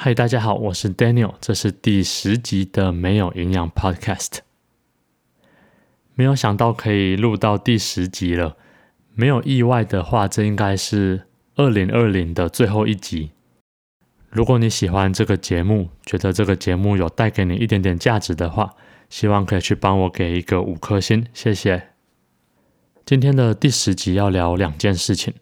嗨，Hi, 大家好，我是 Daniel，這是第十集的沒有營養 Podcast。沒有想到可以錄到第十集了。沒有意外的話，這應該是二零二零的最後一集。如果你喜歡這個節目，覺得這個節目有帶給你一點點價值的話，希望可以去幫我給一個五顆星，謝謝。今天的第十集要聊兩件事情。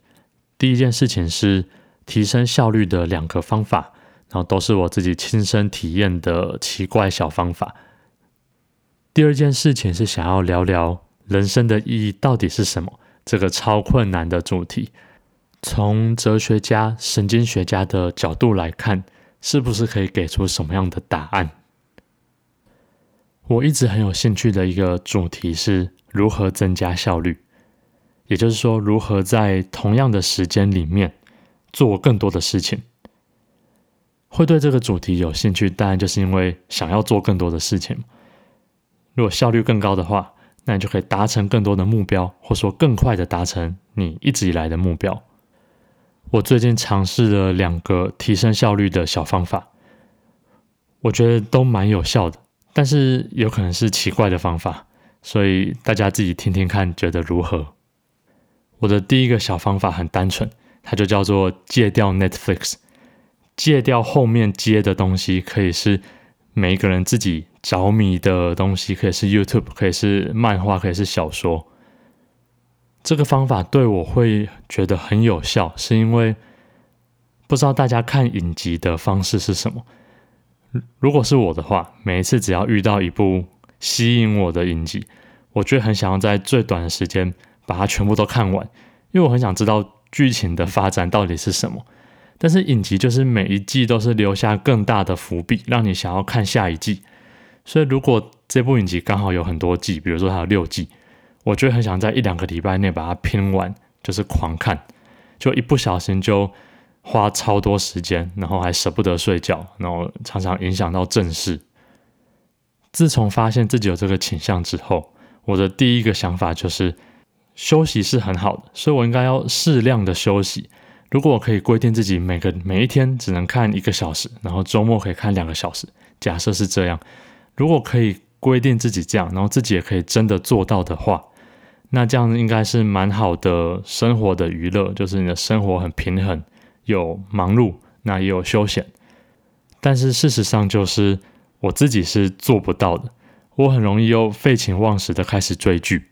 第一件事情是提升效率的兩個方法。然後都是我自己親身體驗的奇怪小方法。第二件事情是想要聊聊人生的意義到底是什麼，這個超困難的主題。從哲學家、神經學家的角度來看，是不是可以給出什麼樣的答案？我一直很有興趣的一個主題是如何增加效率，也就是說，如何在同樣的時間裡面做更多的事情。會對這個主題有興趣，當然就是因為想要做更多的事情。如果效率更高的話，那你就可以達成更多的目標，或說更快的達成你一直以來的目標。我最近嘗試了兩個提升效率的小方法，我覺得都蠻有效的，但是有可能是奇怪的方法，所以大家自己聽聽看，覺得如何？我的第一個小方法很單純，它就叫做戒掉 Netflix。戒掉後面接的東西，可以是每一個人自己着迷的東西，可以是 YouTube，可以是漫畫，可以是小說。這個方法對我會覺得很有效，是因為不知道大家看影集的方式是什麼。如果是我的話，每一次只要遇到一部吸引我的影集，我就會很想要在最短的時間把它全部都看完，因為我很想知道劇情的發展到底是什麼。但是影集就是每一季都是留下更大的伏筆，讓你想要看下一季。所以如果這部影集剛好有很多季，比如說它有六季，我就很想在一兩個禮拜內把它拼完，就是狂看，就一不小心就花超多時間，然後還捨不得睡覺，然後常常影響到正事。自從發現自己有這個傾向之後，我的第一個想法就是休息是很好的，所以我應該要適量的休息。如果我可以規定自己每個每一天只能看一個小時，然後周末可以看兩個小時，假設是這樣，如果可以規定自己這樣，然後自己也可以真的做到的話，那這樣應該是蠻好的生活的娛樂，就是你的生活很平衡，有忙碌，那也有休閒。但是事實上就是我自己是做不到的，我很容易又廢寢忘食的開始追劇，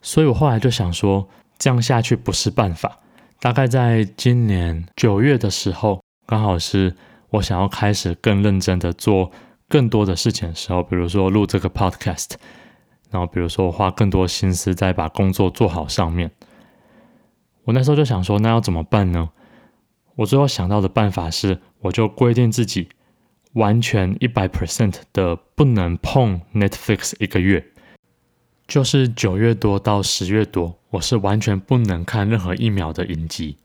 所以我後來就想說，這樣下去不是辦法。大概在今年九月的時候，剛好是我想要開始更認真的做更多的事情的時候，比如說錄這個 podcast，然後比如說花更多心思在把工作做好上面。我那時候就想說，那要怎麼辦呢？我最後想到的辦法是，我就規定自己完全一百 percent 的不能碰 Netflix 一個月，就是九月多到十月多。我是完全不能看任何一秒的影集。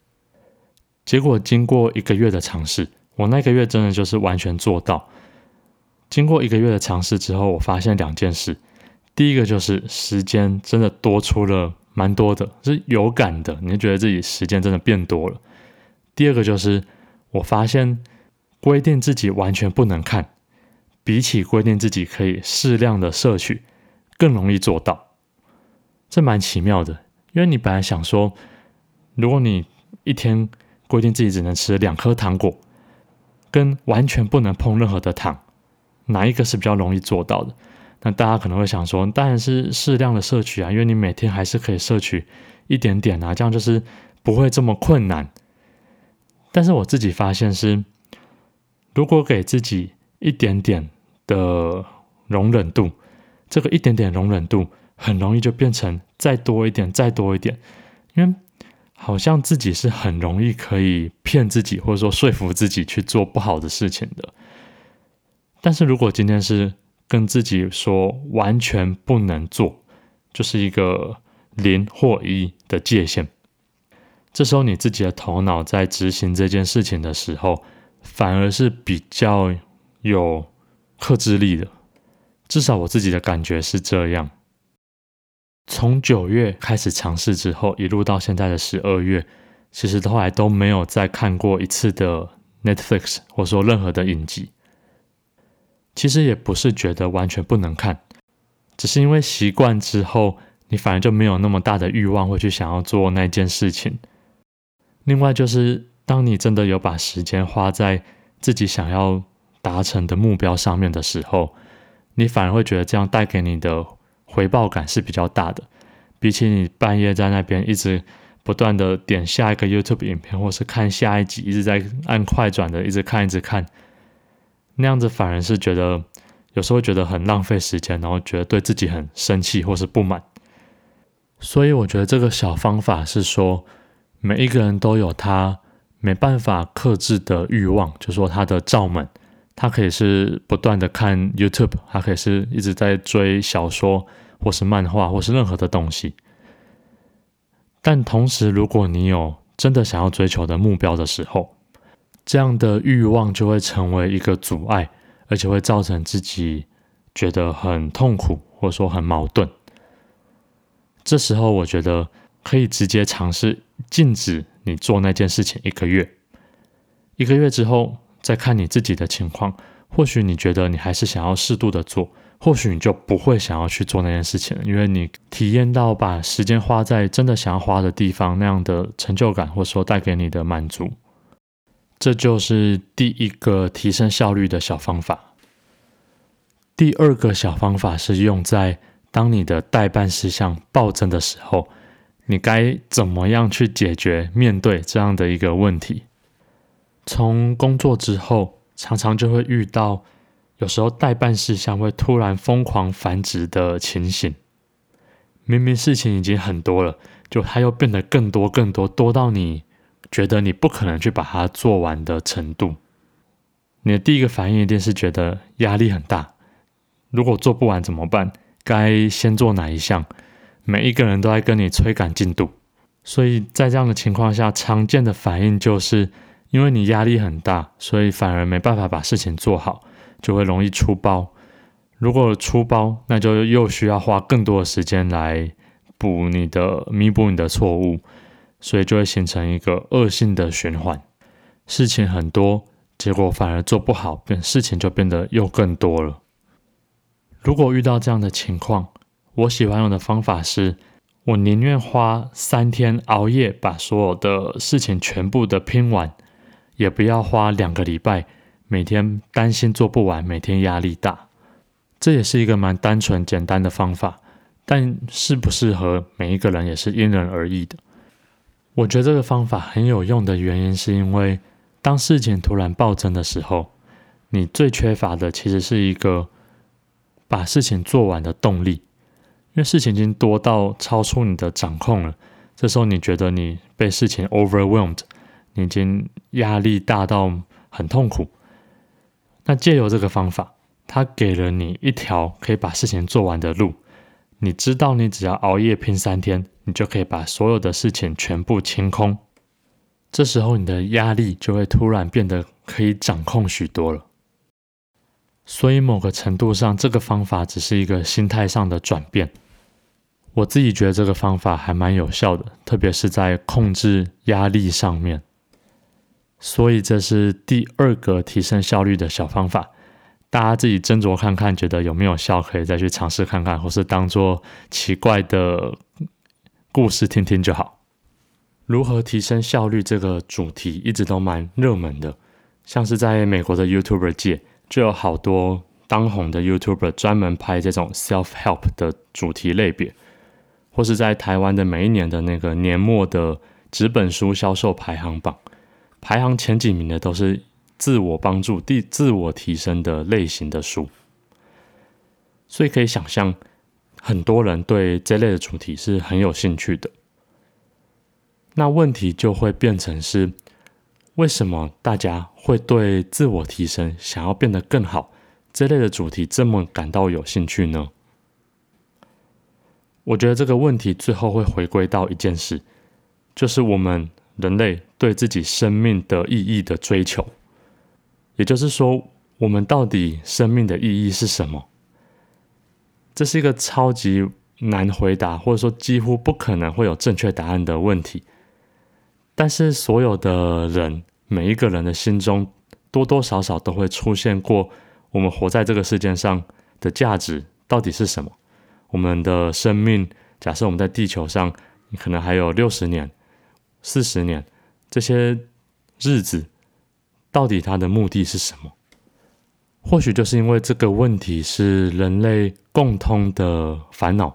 結果經過一個月的嘗試，我那個月真的就是完全做到。經過一個月的嘗試之後，我發現兩件事：第一個就是時間真的多出了蠻多的，是有感的，你覺得自己時間真的變多了。第二個就是我發現規定自己完全不能看，比起規定自己可以適量的攝取，更容易做到。這蠻奇妙的。因為你本來想說，如果你一天規定自己只能吃兩顆糖果，跟完全不能碰任何的糖，哪一個是比較容易做到的？那大家可能會想說，當然是適量的攝取啊，因為你每天還是可以攝取一點點啊，這樣就是不會這麼困難。但是我自己發現是，如果給自己一點點的容忍度，這個一點點容忍度。很容易就變成再多一點，再多一點，因為好像自己是很容易可以騙自己，或者說說服自己去做不好的事情的。但是如果今天是跟自己說完全不能做，就是一個零或一的界限，這時候你自己的頭腦在執行這件事情的時候，反而是比較有克制力的，至少我自己的感覺是這樣。從九月開始嘗試之後，一路到現在的十二月，其實都還都沒有再看過一次的 Netflix，或者說任何的影集。其實也不是覺得完全不能看，只是因為習慣之後，你反而就沒有那麼大的欲望會去想要做那件事情。另外就是，當你真的有把時間花在自己想要達成的目標上面的時候，你反而會覺得這樣帶給你的。回報感是比較大的，比起你半夜在那邊一直不斷的點下一個 YouTube 影片，或是看下一集，一直在按快轉的，一直看一直看，那樣子反而是覺得有時候覺得很浪費時間，然後覺得對自己很生氣或是不滿。所以我覺得這個小方法是說，每一個人都有他沒辦法克制的欲望，就是說他的罩門。他可以是不斷的看 YouTube，他可以是一直在追小說，或是漫畫，或是任何的東西。但同時，如果你有真的想要追求的目標的時候，這樣的欲望就會成為一個阻礙，而且會造成自己覺得很痛苦，或者說很矛盾。這時候，我覺得可以直接嘗試禁止你做那件事情一個月。一個月之後，再看你自己的情況，或許你覺得你還是想要適度的做，或許你就不會想要去做那件事情，因為你體驗到把時間花在真的想要花的地方那樣的成就感，或說帶給你的滿足，這就是第一個提升效率的小方法。第二個小方法是用在當你的待辦事項暴增的時候，你該怎麼樣去解決面對這樣的一個問題？從工作之後，常常就會遇到有時候待辦事項會突然瘋狂繁殖的情形。明明事情已經很多了，就它又變得更多更多，多到你覺得你不可能去把它做完的程度。你的第一個反應一定是覺得壓力很大。如果做不完怎麼辦？該先做哪一項？每一個人都在跟你催趕進度，所以在這樣的情況下，常見的反應就是。因為你壓力很大，所以反而沒辦法把事情做好，就會容易出包。如果出包，那就又需要花更多的時間來補你的，彌補你的錯誤，所以就會形成一個惡性的循環。事情很多，結果反而做不好，事情就變得又更多了。如果遇到這樣的情況，我喜歡用的方法是，我寧願花三天熬夜，把所有的事情全部的拼完。也不要花兩個禮拜，每天擔心做不完，每天壓力大。這也是一個蠻單純簡單的方法，但適不適合每一個人也是因人而異的。我覺得這個方法很有用的原因，是因為當事情突然暴增的時候，你最缺乏的其實是一個把事情做完的動力，因為事情已經多到超出你的掌控了。這時候你覺得你被事情 overwhelmed。已經壓力大到很痛苦，那借由這個方法，他給了你一條可以把事情做完的路。你知道，你只要熬夜拼三天，你就可以把所有的事情全部清空。這時候，你的壓力就會突然變得可以掌控許多了。所以，某個程度上，這個方法只是一個心態上的轉變。我自己覺得這個方法還蠻有效的，特別是在控制壓力上面。所以這是第二個提升效率的小方法，大家自己斟酌看看，覺得有沒有效，可以再去嘗試看看，或是當做奇怪的故事聽聽就好。如何提升效率這個主題一直都蠻熱門的，像是在美國的 YouTuber 界就有好多當紅的 YouTuber 專門拍這種 self-help 的主題類別，或是在台灣的每一年的那個年末的紙本書銷售排行榜。排行前幾名的都是自我幫助、自自我提升的類型的書，所以可以想象，很多人對這類的主題是很有興趣的。那問題就會變成是：為什麼大家會對自我提升、想要變得更好這類的主題這麼感到有興趣呢？我覺得這個問題最後會回歸到一件事，就是我們。人類對自己生命的意義的追求，也就是說，我們到底生命的意義是什麼？這是一個超級難回答，或者說幾乎不可能會有正確答案的問題。但是，所有的人，每一個人的心中，多多少少都會出現過：我們活在這個世界上的價值到底是什麼？我們的生命，假設我們在地球上，可能還有六十年。四十年，這些日子到底它的目的是什麼？或許就是因為這個問題是人類共通的煩惱，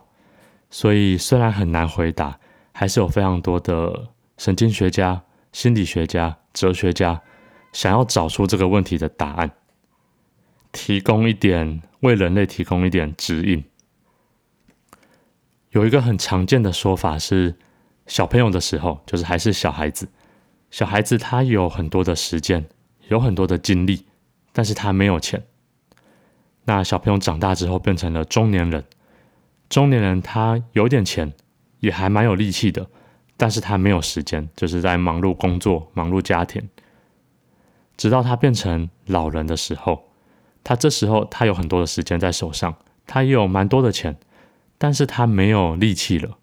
所以雖然很難回答，還是有非常多的神經學家、心理學家、哲學家想要找出這個問題的答案，提供一點，為人類提供一點指引。有一個很常見的說法是，小朋友的時候，就是還是小孩子。小孩子他有很多的時間，有很多的精力，但是他沒有錢。那小朋友長大之後變成了中年人，中年人他有點錢，也還蠻有力氣的，但是他沒有時間，就是在忙碌工作、忙碌家庭。直到他變成老人的時候，他這時候他有很多的時間在手上，他也有蠻多的錢，但是他沒有力氣了。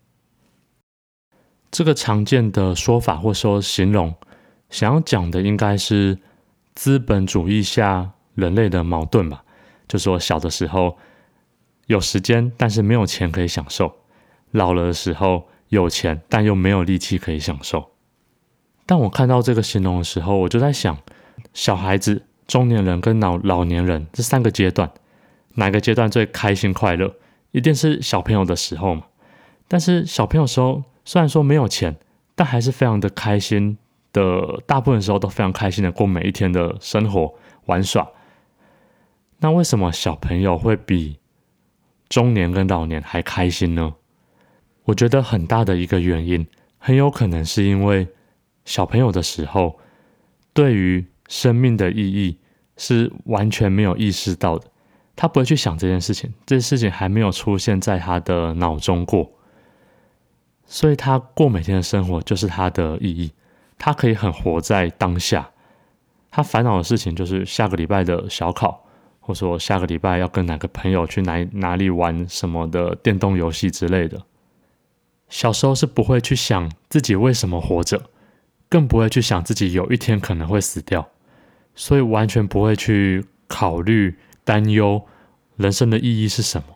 這個常見的說法，或說形容，想要講的應該是資本主義下人類的矛盾吧。就說小的時候有時間，但是沒有錢可以享受；老了的時候有錢，但又沒有力氣可以享受。當我看到這個形容的時候，我就在想：小孩子、中年人跟老老年人這三個階段，哪個階段最開心快樂？一定是小朋友的時候嘛。但是小朋友的時候，雖然說沒有錢，但還是非常的開心的。大部分時候都非常開心的過每一天的生活、玩耍。那為什麼小朋友會比中年跟老年還開心呢？我覺得很大的一個原因，很有可能是因為小朋友的時候，對於生命的意義是完全沒有意識到的。他不會去想這件事情，這件事情還沒有出現在他的腦中過。所以他過每天的生活就是他的意義，他可以很活在當下。他煩惱的事情就是下個禮拜的小考，或說下個禮拜要跟哪個朋友去哪哪裡玩什麼的電動遊戲之類的。小時候是不會去想自己為什麼活着，更不會去想自己有一天可能會死掉，所以完全不會去考慮擔憂人生的意義是什麼。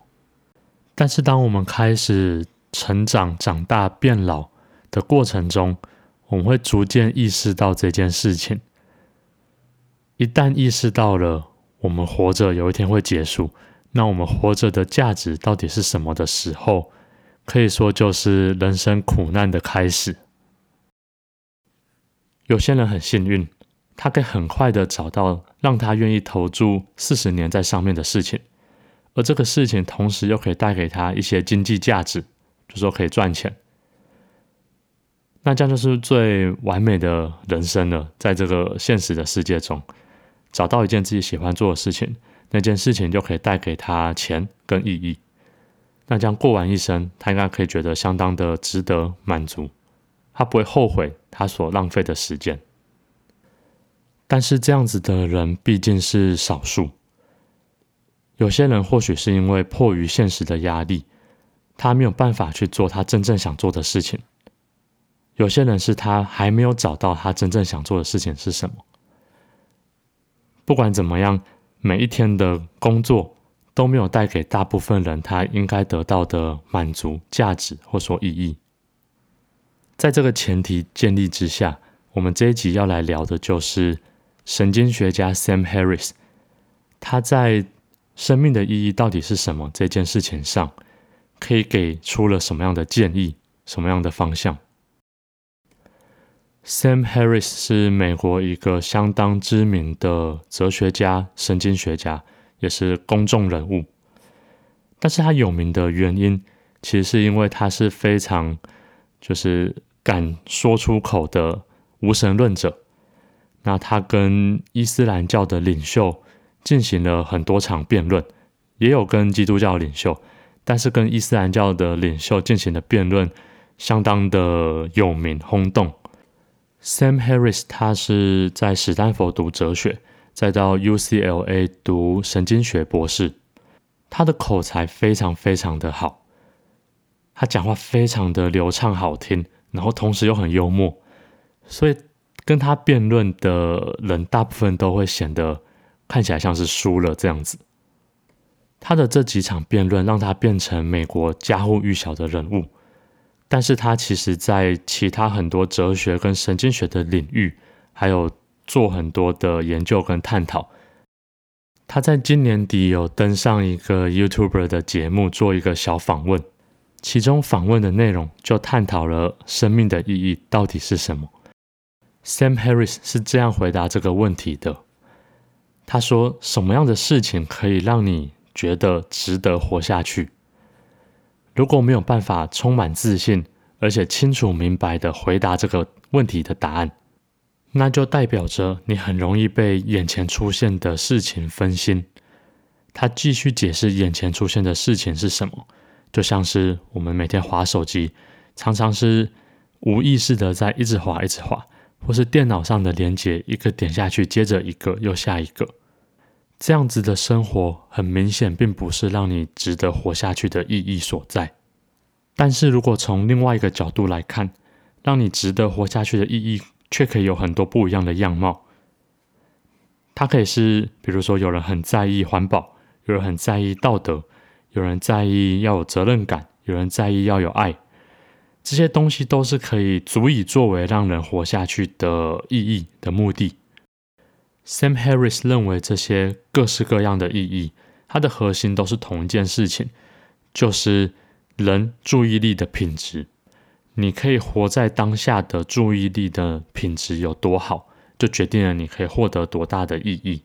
但是當我們開始，成長、長大、變老的過程中，我們會逐漸意識到這件事情。一旦意識到了我們活着有一天會結束，那我們活着的價值到底是什麼的時候，可以說就是人生苦難的開始。有些人很幸運，他可以很快的找到讓他願意投注四十年在上面的事情，而這個事情同時又可以帶給他一些經濟價值。就說可以賺錢，那這樣就是最完美的人生了。在這個現實的世界中，找到一件自己喜歡做的事情，那件事情就可以帶給他錢跟意義。那這樣過完一生，他應該可以覺得相當的值得滿足，他不會後悔他所浪費的時間。但是這樣子的人畢竟是少數，有些人或許是因為迫於現實的壓力。他沒有辦法去做他真正想做的事情。有些人是他還沒有找到他真正想做的事情是什麼。不管怎麼樣，每一天的工作都沒有帶給大部分人他應該得到的滿足、價值或說意義。在這個前提建立之下，我們這一集要來聊的就是神經學家 Sam Harris，他在生命的意義到底是什麼這件事情上。可以給出了什麼樣的建議，什麼樣的方向？Sam Harris 是美國一個相當知名的哲學家、神經學家，也是公眾人物。但是他有名的原因，其實是因為他是非常，就是敢說出口的無神論者。那他跟伊斯蘭教的領袖進行了很多場辯論，也有跟基督教領袖。但是跟伊斯蘭教的領袖進行的辯論相當的有名轟動。Sam Harris 他是在史丹佛讀哲學，再到 UCLA 讀神經學博士。他的口才非常非常的好，他講話非常的流暢好聽，然後同時又很幽默，所以跟他辯論的人大部分都會顯得看起來像是輸了這樣子。他的這幾場辯論讓他變成美國家喻戶曉的人物，但是他其實，在其他很多哲學跟神經學的領域，還有做很多的研究跟探討。他在今年底有登上一個 YouTuber 的節目，做一個小訪問，其中訪問的內容就探討了生命的意義到底是什麼。Sam Harris 是這樣回答這個問題的：他說，什麼樣的事情可以讓你覺得值得活下去。如果沒有辦法充滿自信，而且清楚明白的回答這個問題的答案，那就代表着你很容易被眼前出現的事情分心。他繼續解釋眼前出現的事情是什麼，就像是我們每天滑手機，常常是無意識的在一直滑，一直滑，或是電腦上的連接一個點下去，接着一個又下一個。這樣子的生活，很明顯並不是讓你值得活下去的意義所在。但是如果從另外一個角度來看，讓你值得活下去的意義，卻可以有很多不一樣的樣貌。它可以是，比如說，有人很在意環保，有人很在意道德，有人在意要有責任感，有人在意要有愛。這些東西都是可以足以作為讓人活下去的意義的目的。Sam Harris 認為這些各式各樣的意義，它的核心都是同一件事情，就是人注意力的品質。你可以活在當下的注意力的品質有多好，就決定了你可以獲得多大的意義。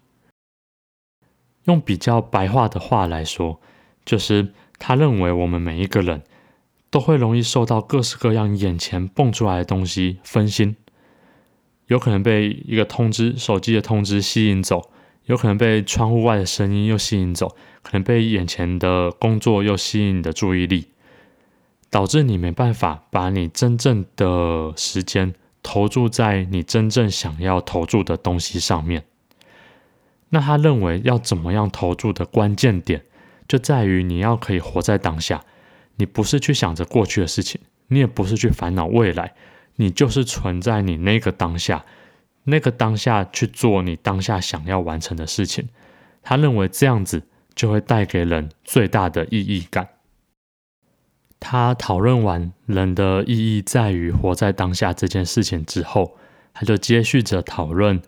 用比較白話的話來說，就是他認為我們每一個人都會容易受到各式各樣眼前蹦出來的東西分心。有可能被一個通知、手機的通知吸引走，有可能被窗戶外的聲音又吸引走，可能被眼前的工作又吸引你的注意力，導致你沒辦法把你真正的時間投注在你真正想要投注的東西上面。那他認為要怎麼樣投注的關鍵點，就在於你要可以活在當下，你不是去想着過去的事情，你也不是去煩惱未來。你就是存在你那個當下，那個當下去做你當下想要完成的事情。他認為這樣子就會帶給人最大的意義感。他討論完人的意義在於活在當下這件事情之後，他就接續着討論，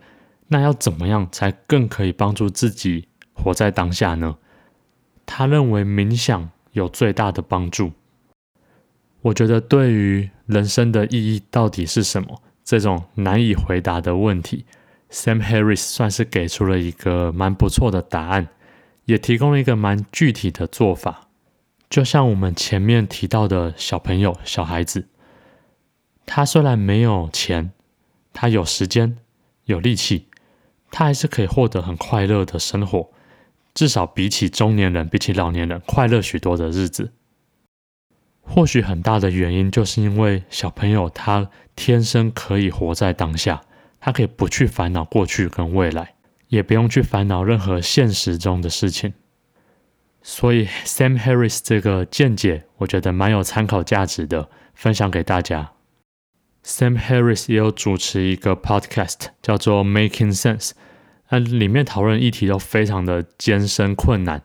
那要怎麼樣才更可以幫助自己活在當下呢？他認為冥想有最大的幫助。我覺得對於人生的意義到底是什麼這種難以回答的問題，Sam Harris 算是給出了一個蠻不錯的答案，也提供了一個蠻具體的做法。就像我們前面提到的小朋友、小孩子，他雖然沒有錢，他有時間、有力氣，他還是可以獲得很快樂的生活，至少比起中年人、比起老年人快樂許多的日子。或許很大的原因，就是因為小朋友他天生可以活在當下，他可以不去煩惱過去跟未來，也不用去煩惱任何現實中的事情。所以，Sam Harris 這個見解，我覺得蠻有參考價值的，分享給大家。Sam Harris 也有主持一個 podcast，叫做 Making Sense，啊，裡面討論議題都非常的艱深困難。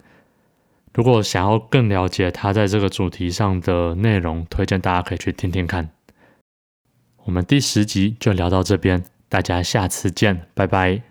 如果想要更了解他在這個主題上的內容，推薦大家可以去聽聽看。我們第十集就聊到這邊，大家下次見，拜拜。